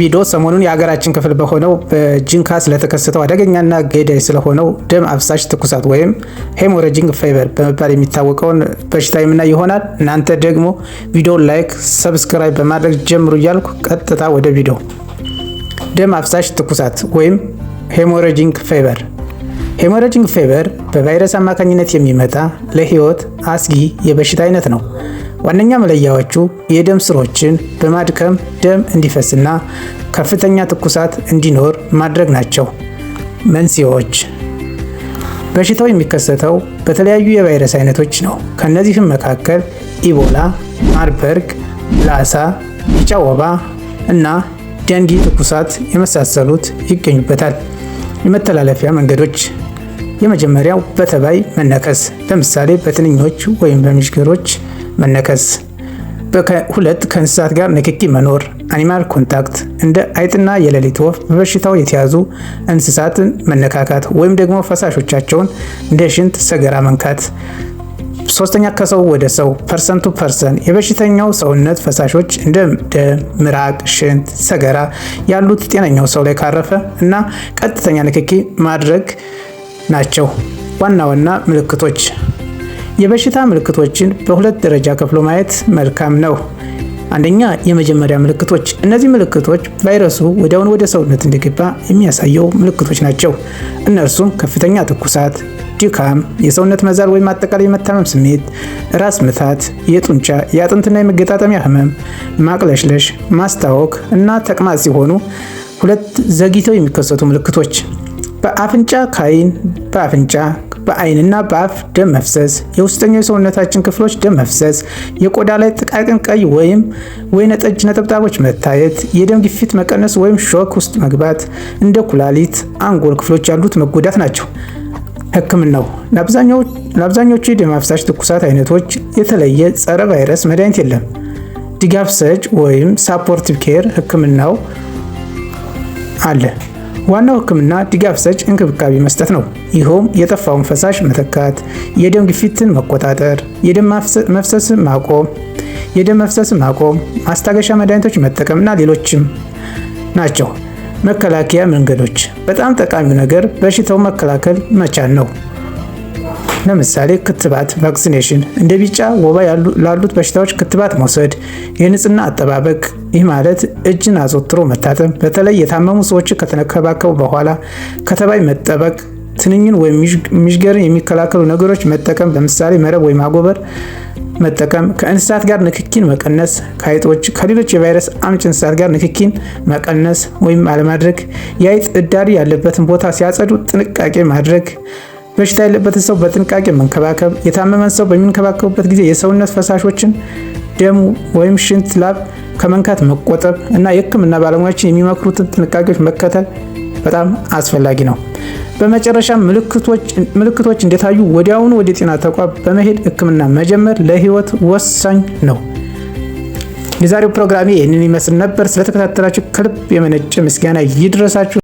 ቪዲዮ ሰሞኑን የሀገራችን ክፍል በሆነው በጂንካ ስለተከሰተው አደገኛና ገዳይ ስለሆነው ደም አፍሳሽ ትኩሳት ወይም ሄሞሬጂንግ ፌቨር በመባል የሚታወቀውን በሽታ የምና ይሆናል። እናንተ ደግሞ ቪዲዮ ላይክ፣ ሰብስክራይብ በማድረግ ጀምሩ እያልኩ ቀጥታ ወደ ቪዲዮ። ደም አፍሳሽ ትኩሳት ወይም ሄሞሬጂንግ ፌቨር ሄሞሬጂንግ ፌቨር በቫይረስ አማካኝነት የሚመጣ ለህይወት አስጊ የበሽታ አይነት ነው። ዋነኛ መለያዎቹ የደም ስሮችን በማድከም ደም እንዲፈስና ከፍተኛ ትኩሳት እንዲኖር ማድረግ ናቸው። መንስኤዎች በሽታው የሚከሰተው በተለያዩ የቫይረስ አይነቶች ነው። ከእነዚህም መካከል ኢቦላ፣ ማርበርግ፣ ላሳ፣ ቢጫ ወባ እና ደንጊ ትኩሳት የመሳሰሉት ይገኙበታል። የመተላለፊያ መንገዶች የመጀመሪያው በተባይ መነከስ፣ ለምሳሌ በትንኞች ወይም በምሽገሮች መነከስ፣ ሁለት ከእንስሳት ጋር ንክኪ መኖር አኒማል ኮንታክት፣ እንደ አይጥና የሌሊት ወፍ በበሽታው የተያዙ እንስሳትን መነካካት ወይም ደግሞ ፈሳሾቻቸውን እንደ ሽንት ሰገራ መንካት። ሶስተኛ ከሰው ወደ ሰው ፐርሰን ቱ ፐርሰን የበሽተኛው ሰውነት ፈሳሾች እንደ ደም፣ ምራቅ፣ ሽንት፣ ሰገራ ያሉት ጤነኛው ሰው ላይ ካረፈ እና ቀጥተኛ ንክኪ ማድረግ ናቸው። ዋና ዋና ምልክቶች የበሽታ ምልክቶችን በሁለት ደረጃ ከፍሎ ማየት መልካም ነው። አንደኛ፣ የመጀመሪያ ምልክቶች። እነዚህ ምልክቶች ቫይረሱ ወዲያውን ወደ ሰውነት እንደገባ የሚያሳየው ምልክቶች ናቸው። እነርሱም ከፍተኛ ትኩሳት፣ ድካም፣ የሰውነት መዛል ወይም አጠቃላይ የመታመም ስሜት፣ ራስ ምታት፣ የጡንቻ የአጥንትና የመገጣጠሚያ ህመም፣ ማቅለሽለሽ፣ ማስታወክ እና ተቅማጥ ሲሆኑ ሁለት ዘግይተው የሚከሰቱ ምልክቶች በአፍንጫ ከአይን በአፍንጫ በአይንና በአፍ ደም መፍሰስ፣ የውስጠኛው የሰውነታችን ክፍሎች ደም መፍሰስ፣ የቆዳ ላይ ጥቃቅን ቀይ ወይም ወይነ ጠጅ ነጠብጣቦች መታየት፣ የደም ግፊት መቀነስ ወይም ሾክ ውስጥ መግባት፣ እንደ ኩላሊት፣ አንጎል ክፍሎች ያሉት መጎዳት ናቸው። ህክምናው ለአብዛኞቹ የደም አፍሳሽ ትኩሳት አይነቶች የተለየ ጸረ ቫይረስ መድኃኒት የለም። ድጋፍ ሰጭ ወይም ሳፖርቲቭ ኬር ህክምናው አለ። ዋናው ህክምና ድጋፍ ሰጭ እንክብካቤ መስጠት ነው። ይኸውም የጠፋውን ፈሳሽ መተካት፣ የደም ግፊትን መቆጣጠር፣ የደም መፍሰስ ማቆም የደም መፍሰስ ማቆም፣ ማስታገሻ መድኃኒቶች መጠቀምና ሌሎችም ናቸው። መከላከያ መንገዶች በጣም ጠቃሚው ነገር በሽታው መከላከል መቻል ነው። ለምሳሌ ክትባት፣ ቫክሲኔሽን፣ እንደ ቢጫ ወባ ላሉት በሽታዎች ክትባት መውሰድ፣ የንጽህና አጠባበቅ፣ ይህ ማለት እጅን አዘውትሮ መታጠብ፣ በተለይ የታመሙ ሰዎች ከተነከባከቡ በኋላ ከተባይ መጠበቅ፣ ትንኝን ወይም ሚዥገርን የሚከላከሉ ነገሮች መጠቀም፣ ለምሳሌ መረብ ወይም አጎበር መጠቀም ከእንስሳት ጋር ንክኪን መቀነስ፣ ከአይጦች ከሌሎች የቫይረስ አምጭ እንስሳት ጋር ንክኪን መቀነስ ወይም አለማድረግ፣ የአይጥ እዳሪ ያለበትን ቦታ ሲያጸዱ ጥንቃቄ ማድረግ በሽታ ያለበትን ሰው በጥንቃቄ መንከባከብ፣ የታመመን ሰው በሚንከባከቡበት ጊዜ የሰውነት ፈሳሾችን ደሙ ወይም ሽንት፣ ላብ ከመንካት መቆጠብ እና የሕክምና ባለሙያዎችን የሚመክሩትን ጥንቃቄዎች መከተል በጣም አስፈላጊ ነው። በመጨረሻ ምልክቶች እንደታዩ ወዲያውኑ ወደ ጤና ተቋም በመሄድ ሕክምና መጀመር ለህይወት ወሳኝ ነው። የዛሬው ፕሮግራሜ ይህንን ይመስል ነበር። ስለተከታተላችሁ ከልብ የመነጨ ምስጋና ይድረሳችሁ።